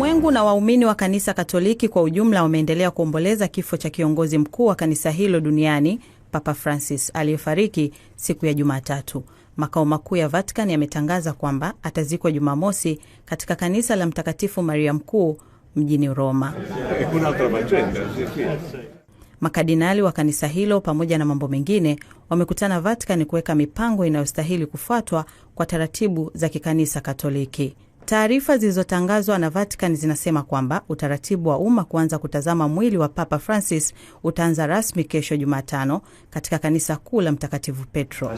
Ulimwengu na waumini wa kanisa Katoliki kwa ujumla wameendelea kuomboleza kifo cha kiongozi mkuu wa kanisa hilo duniani Papa Francis aliyefariki siku ya Jumatatu. Makao makuu ya Vatican yametangaza kwamba atazikwa Jumamosi katika kanisa la Mtakatifu Maria Mkuu mjini Roma. Makadinali wa kanisa hilo pamoja na mambo mengine wamekutana Vatican kuweka mipango inayostahili kufuatwa kwa taratibu za kikanisa Katoliki. Taarifa zilizotangazwa na Vatican zinasema kwamba utaratibu wa umma kuanza kutazama mwili wa Papa Francis utaanza rasmi kesho Jumatano katika kanisa kuu la Mtakatifu Petro.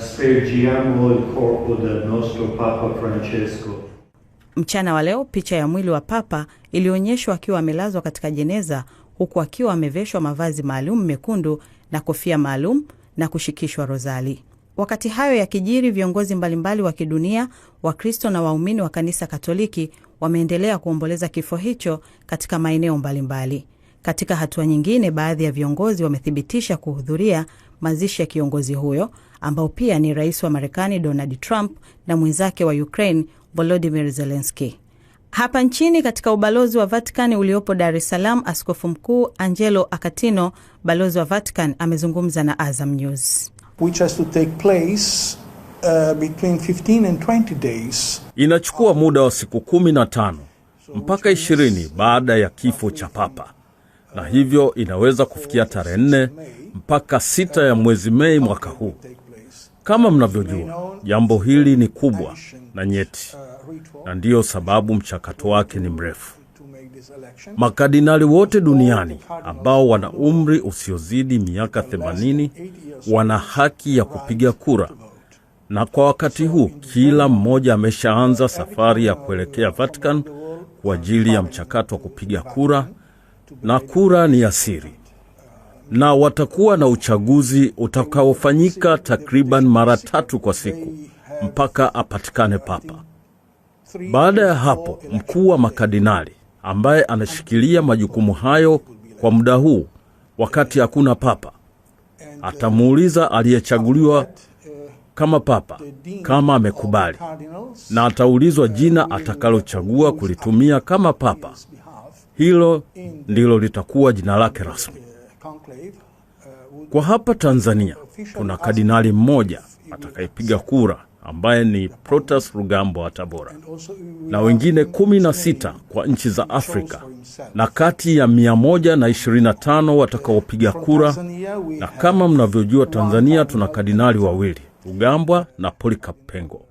Mchana wa leo picha ya mwili wa Papa ilionyeshwa akiwa amelazwa katika jeneza huku akiwa ameveshwa mavazi maalum mekundu na kofia maalum na kushikishwa rozali. Wakati hayo yakijiri, viongozi mbalimbali wa kidunia, Wakristo na waumini wa kanisa Katoliki wameendelea kuomboleza kifo hicho katika maeneo mbalimbali. Katika hatua nyingine, baadhi ya viongozi wamethibitisha kuhudhuria mazishi ya kiongozi huyo ambao pia ni rais wa Marekani Donald Trump na mwenzake wa Ukraine volodimir zelenski Hapa nchini katika ubalozi wa Vatican uliopo Dar es Salaam, askofu mkuu Angelo Akatino, balozi wa Vatican, amezungumza na Azam News which has to take place uh, between 15 and 20 days. Inachukua muda wa siku kumi na tano mpaka ishirini baada ya kifo cha papa, na hivyo inaweza kufikia tarehe nne mpaka sita ya mwezi Mei mwaka huu. Kama mnavyojua, jambo hili ni kubwa na nyeti, na ndiyo sababu mchakato wake ni mrefu. Makardinali wote duniani ambao wana umri usiozidi miaka 80 wana haki ya kupiga kura, na kwa wakati huu kila mmoja ameshaanza safari ya kuelekea Vatican kwa ajili ya mchakato wa kupiga kura, na kura ni ya siri, na watakuwa na uchaguzi utakaofanyika takriban mara tatu kwa siku mpaka apatikane papa. Baada ya hapo, mkuu wa makardinali ambaye anashikilia majukumu hayo kwa muda huu wakati hakuna papa. Atamuuliza aliyechaguliwa kama papa kama amekubali, na ataulizwa jina atakalochagua kulitumia kama papa. Hilo ndilo litakuwa jina lake rasmi. Kwa hapa Tanzania tuna kardinali mmoja atakayepiga kura ambaye ni Protas Rugambwa wa Tabora na wengine 16 kwa nchi za Afrika, na kati ya 125 watakaopiga kura. Na kama mnavyojua, Tanzania tuna kardinali wawili, Rugambwa na Polycarp Pengo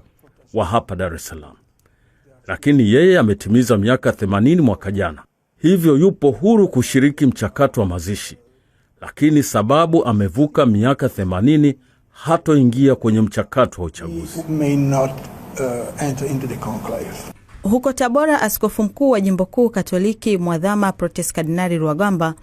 wa hapa Dar es Salaam, lakini yeye ametimiza miaka 80 mwaka jana, hivyo yupo huru kushiriki mchakato wa mazishi, lakini sababu amevuka miaka hatoingia kwenye mchakato wa uchaguzi. Uh, huko Tabora, askofu mkuu wa jimbo kuu Katoliki Mwadhama Protes Kardinali Rwagamba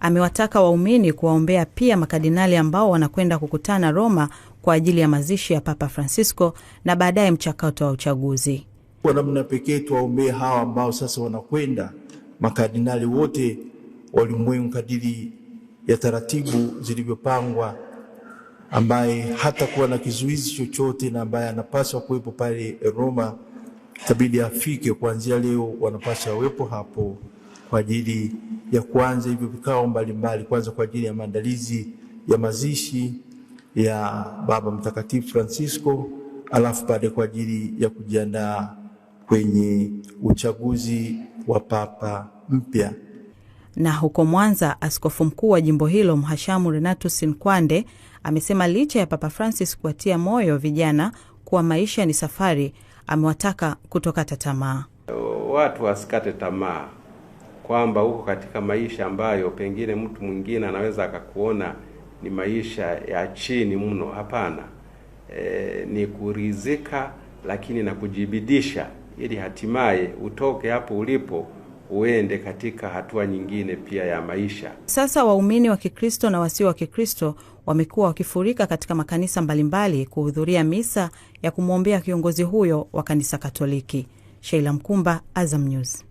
amewataka waumini kuwaombea pia makardinali ambao wanakwenda kukutana Roma kwa ajili ya mazishi ya Papa Francisco na baadaye mchakato wa uchaguzi. Kwa namna pekee tuwaombee hawa ambao sasa wanakwenda, makardinali wote walimwengu, kadiri ya taratibu zilivyopangwa ambaye hata kuwa na kizuizi chochote na ambaye anapaswa kuwepo pale Roma, itabidi afike. Kuanzia leo wanapaswa wawepo hapo kwa ajili ya kuanza hivyo vikao mbalimbali, kwanza kwa ajili ya maandalizi ya mazishi ya Baba Mtakatifu Francisco, alafu baadaye kwa ajili ya kujiandaa kwenye uchaguzi wa papa mpya. Na huko Mwanza, askofu mkuu wa jimbo hilo Mhashamu Renatus Nkwande amesema licha ya Papa Francis kuwatia moyo vijana kuwa maisha ni safari, amewataka kutokata tamaa. Watu wasikate tamaa kwamba huko katika maisha ambayo pengine mtu mwingine anaweza akakuona ni maisha ya chini mno. Hapana, e, ni kurizika lakini na kujibidisha ili hatimaye utoke hapo ulipo uende katika hatua nyingine pia ya maisha. Sasa waumini wa Kikristo na wasio wa Kikristo wamekuwa wakifurika katika makanisa mbalimbali kuhudhuria misa ya kumwombea kiongozi huyo wa kanisa Katoliki. Sheila Mkumba, Azam News.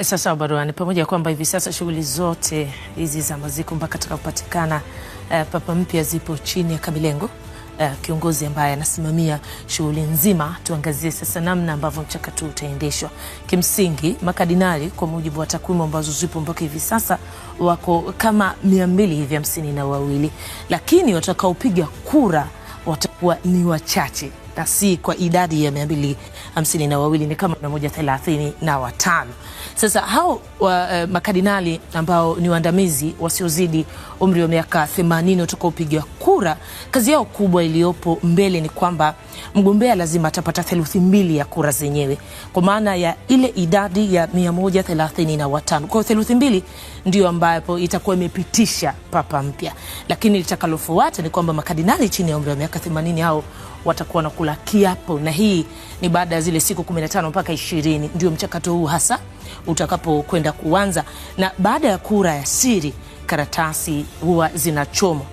Sasa wabaruani pamoja pamoja kwamba hivi sasa shughuli zote hizi za maziko mpaka atakapopatikana uh, eh, papa mpya zipo chini ya Kabilengo uh, kiongozi ambaye anasimamia shughuli nzima. Tuangazie sasa namna ambavyo mchakato utaendeshwa. Kimsingi, makadinali kwa mujibu wa takwimu ambazo zipo mpaka hivi sasa wako kama mia mbili hivi hamsini na wawili, lakini watakaopiga kura watakuwa ni wachache na si kwa idadi ya mia mbili hamsini na wawili ni kama mia moja thelathini na watano. Sasa hao wa, eh, makadinali ambao ni waandamizi wasiozidi umri wa miaka 80 watakaopiga kura, kazi yao kubwa iliyopo mbele ni kwamba mgombea lazima atapata theluthi mbili ya kura zenyewe kwa maana ya ile idadi ya 135. Kwa hiyo theluthi mbili ndio ambapo itakuwa imepitisha papa mpya, lakini litakalofuata ni kwamba makadinali chini ya umri wa miaka 80 hao watakuwa na kula kiapo, na hii ni baada ya zile siku 15 mpaka 20. Ndio mchakato huu hasa utakapokwenda kuanza, na baada ya kura ya siri karatasi huwa zinachomwa.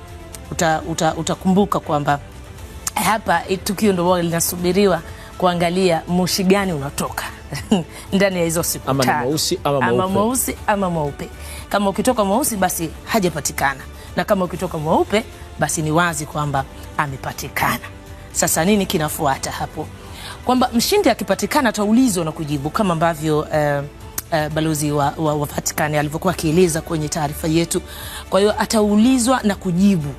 Utakumbuka uta, uta kwamba hapa eh, tukio ndo linasubiriwa kuangalia moshi gani unatoka ndani ya hizo sikuama ama mweusi ama mweupe ama mweupe. Kama ukitoka mweusi, basi hajapatikana, na kama ukitoka mweupe, basi ni wazi kwamba amepatikana. Sasa nini kinafuata hapo? Kwamba mshindi akipatikana ataulizwa na kujibu kama ambavyo eh, uh, balozi wa, wa, wa Vatican alivyokuwa akieleza kwenye taarifa yetu. Kwa hiyo ataulizwa na kujibu,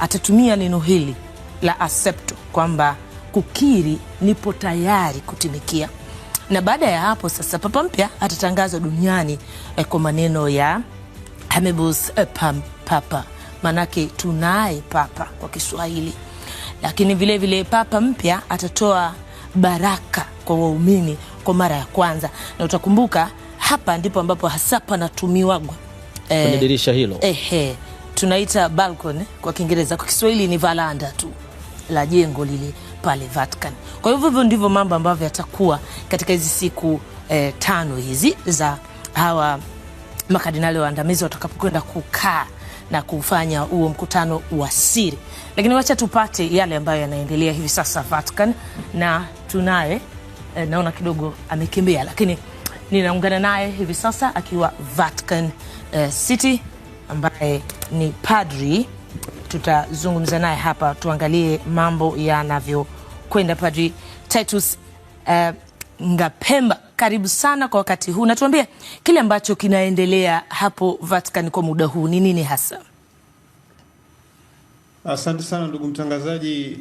atatumia neno hili la accepto kwamba kukiri, nipo tayari kutumikia. Na baada ya hapo sasa papa mpya atatangazwa duniani eh, kwa maneno ya habemus eh, papa, maanake tunaye papa kwa Kiswahili. Lakini vilevile vile papa mpya atatoa baraka kwa waumini kwa mara ya kwanza, na utakumbuka hapa ndipo ambapo hasa panatumiwagwa eh, kwenye dirisha hilo eh, eh, tunaita balcony kwa Kiingereza, kwa Kiswahili ni valanda tu la jengo lile pale Vatican. Kwa hivyo hivyo ndivyo mambo ambavyo yatakuwa katika hizi siku eh, tano hizi za hawa makardinali waandamizi watakapokwenda kukaa na kufanya huo mkutano wa siri, lakini wacha tupate yale ambayo yanaendelea hivi sasa Vatican, na tunaye Eh, naona kidogo amekimbia, lakini ninaungana naye hivi sasa akiwa Vatican uh, City ambaye ni padri. Tutazungumza naye hapa, tuangalie mambo yanavyokwenda. Padri Titus uh, Ngapemba, karibu sana kwa wakati huu, natuambia kile ambacho kinaendelea hapo Vatican kwa muda huu ni nini hasa? Asante sana ndugu mtangazaji.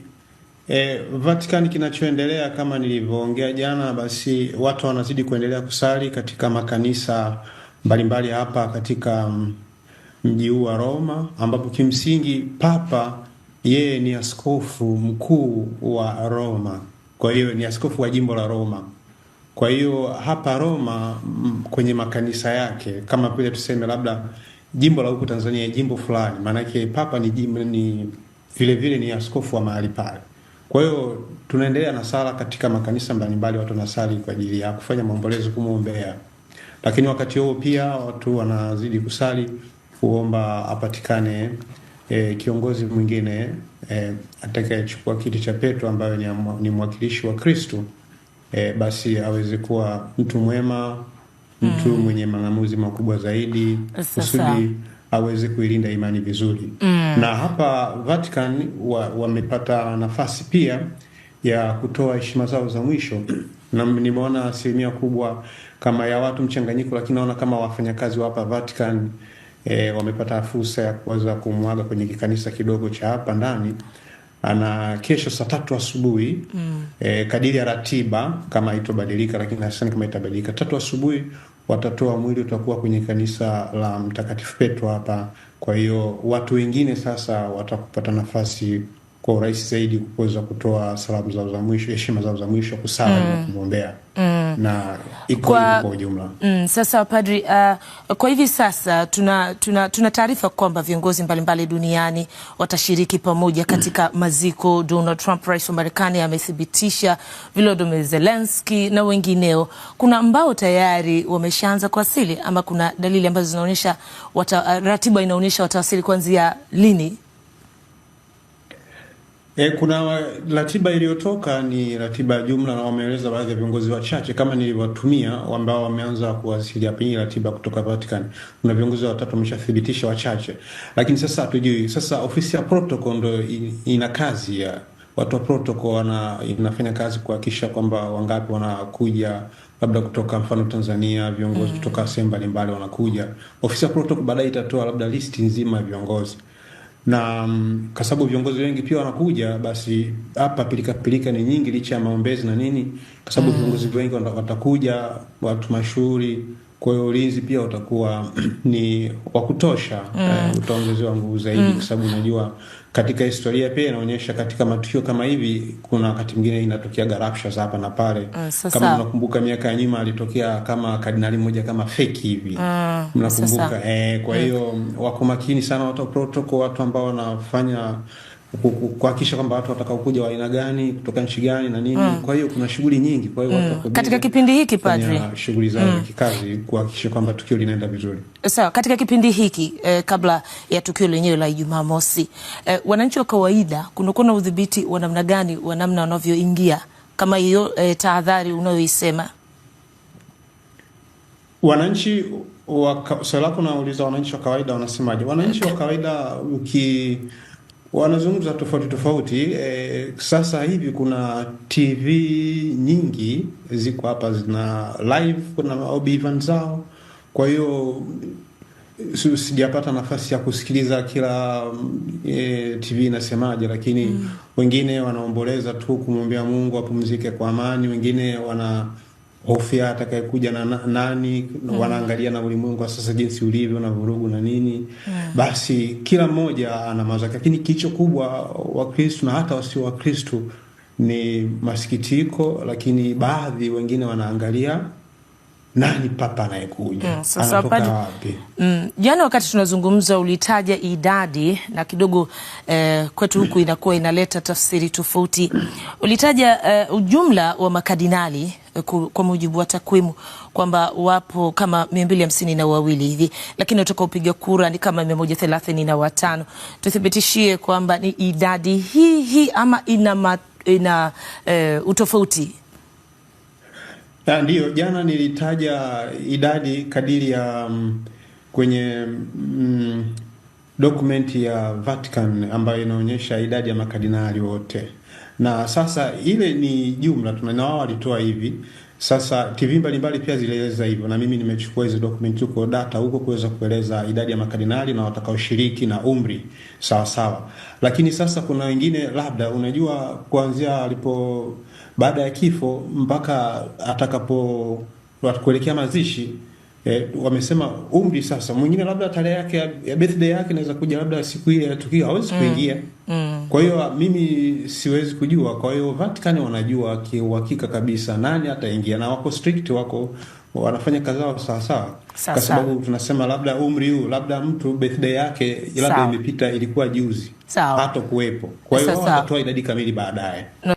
E, eh, Vatican kinachoendelea kama nilivyoongea jana, basi watu wanazidi kuendelea kusali katika makanisa mbalimbali hapa katika mm, mji huu wa Roma, ambapo kimsingi Papa yeye ni askofu mkuu wa Roma, kwa hiyo ni askofu wa jimbo la Roma. Kwa hiyo hapa Roma mm, kwenye makanisa yake kama vile tuseme labda jimbo la huku Tanzania jimbo fulani, maanake Papa ni jimbo, ni vile vile ni askofu wa mahali pale. Kwa hiyo tunaendelea na sala katika makanisa mbalimbali, watu wanasali kwa ajili ya kufanya maombolezo, kumwombea, lakini wakati huo pia watu wanazidi kusali kuomba apatikane e, kiongozi mwingine e, atakayechukua kiti cha Petro ambayo ni, ni mwakilishi wa Kristo e, basi aweze kuwa mtu mwema, mtu mm. mwenye mang'amuzi makubwa zaidi kusudi aweze kuilinda imani vizuri mm na hapa Vatican wamepata wa nafasi pia ya kutoa heshima zao za mwisho, na nimeona asilimia kubwa kama ya watu mchanganyiko, lakini naona kama wafanyakazi wa hapa Vatican e, wamepata fursa ya kuweza kumwaga kwenye kikanisa kidogo cha hapa ndani ana kesho saa tatu asubuhi mm. E, kadiri ya ratiba kama itobadilika, lakini hasani kama itabadilika, tatu asubuhi watatoa mwili, utakuwa kwenye kanisa la Mtakatifu Petro hapa kwa hiyo watu wengine sasa watakupata nafasi kwa urahisi zaidi kuweza kutoa salamu zao za mwisho, heshima zao za mwisho, kusali mm. na kumwombea mm. na iko kwa, kwa ujumla mm. Sasa padri, uh, kwa hivi sasa tuna, tuna, tuna taarifa kwamba viongozi mbalimbali duniani watashiriki pamoja katika mm. maziko. Donald Trump, rais wa Marekani, amethibitisha, Volodymyr Zelensky na wengineo. Kuna ambao tayari wameshaanza kuwasili ama kuna dalili ambazo zinaonyesha, ratiba inaonyesha watawasili kuanzia lini? E, kuna ratiba iliyotoka ni ratiba ya jumla, na wameeleza baadhi ya viongozi wachache kama nilivyotumia, ambao wameanza kuwasilia pengine ratiba kutoka Vatican. Kuna viongozi watatu wameshathibitisha wachache, lakini sasa hatujui. Sasa ofisi ya protocol ndo ina kazi ya watu wa protocol wana, inafanya kazi kuhakikisha kwamba wangapi wanakuja labda kutoka mfano Tanzania, viongozi mm. kutoka sehemu mbalimbali wanakuja. Ofisi ya protocol baadaye itatoa labda listi nzima ya viongozi na mm, kwa sababu viongozi wengi pia wanakuja, basi hapa pilika pilika ni nyingi, licha ya maombezi na nini, kwa sababu mm. viongozi wengi watakuja, watu mashuhuri kwa hiyo ulinzi pia utakuwa ni wa kutosha mm. Eh, utaongezewa nguvu zaidi mm. kwa sababu unajua katika historia pia inaonyesha katika matukio kama hivi, kuna wakati mwingine inatokea garapsha za hapa na pale uh, kama unakumbuka miaka ya nyuma alitokea kama kardinali mmoja kama feki hivi uh, mnakumbuka eh, kwa mm. hiyo mm. wako makini sana watu wa protoko, watu ambao wanafanya kuhakikisha kwamba watu watakaokuja wa aina gani kutoka nchi gani na nini mm. Kwa hiyo kuna shughuli nyingi, kwa hiyo mm. Katika kipindi hiki padri, shughuli za mm. kikazi kuhakikisha kwamba tukio linaenda vizuri. Sawa, katika kipindi hiki eh, kabla ya tukio lenyewe la Ijumaa Mosi eh, wananchi wa kawaida kunakuwa na udhibiti wa namna gani wa namna wanavyoingia kama hiyo eh, tahadhari unayoisema wananchi swali lako nauliza, wananchi wa kawaida wanasemaje? Wananchi wa kawaida uki wanazungumza tofauti tofauti. E, sasa hivi kuna TV nyingi ziko hapa zina live, kuna maobi zao, kwa hiyo sijapata nafasi ya kusikiliza kila e, eh, TV inasemaje, lakini mm. wengine wanaomboleza tu kumwombea Mungu apumzike kwa amani, wengine wana hofia atakayekuja na nani mm. Wanaangalia na ulimwengu wa sasa jinsi ulivyo na vurugu na nini yeah. Mm. Basi kila mmoja ana mawazo yake, lakini kilicho kubwa wakristu na hata wasio wakristu ni masikitiko, lakini baadhi wengine wanaangalia nani papa anayekuja mm, anatoka wapi? Mm, jana wakati tunazungumza ulitaja idadi na kidogo eh, kwetu huku inakuwa inaleta tafsiri tofauti. Ulitaja eh, ujumla wa makadinali eh, kwa mujibu wa takwimu kwamba wapo kama mia mbili hamsini na wawili hivi, lakini watoka upiga kura ni kama mia moja thelathini na watano. Tuthibitishie kwamba ni idadi hii hii ama ina, ma, ina eh, utofauti Ah, Ndiyo, jana nilitaja idadi kadiri ya um, kwenye mm, dokumenti ya Vatican ambayo inaonyesha idadi ya makadinali wote, na sasa ile ni jumla tuna wao walitoa hivi. Sasa TV mbalimbali pia zilieleza hivyo, na mimi nimechukua hizo dokumenti huko data huko kuweza kueleza idadi ya makadinali na watakaoshiriki na umri sawa sawa. Lakini sasa kuna wengine labda, unajua kuanzia alipo baada ya kifo mpaka atakapo kuelekea mazishi E, wamesema umri sasa, mwingine labda tarehe yake ya birthday yake inaweza kuja labda siku ile ya tukio hawezi mm. kuingia mm. Kwa hiyo mimi siwezi kujua. Kwa hiyo Vatican wanajua kiuhakika kabisa nani ataingia, na wako strict, wako wanafanya kazi zao sawasawa, kwa sababu tunasema labda umri huu, labda mtu birthday yake labda imepita, ilikuwa juzi, hata kuwepo. Kwa hiyo watatoa idadi kamili baadaye. no.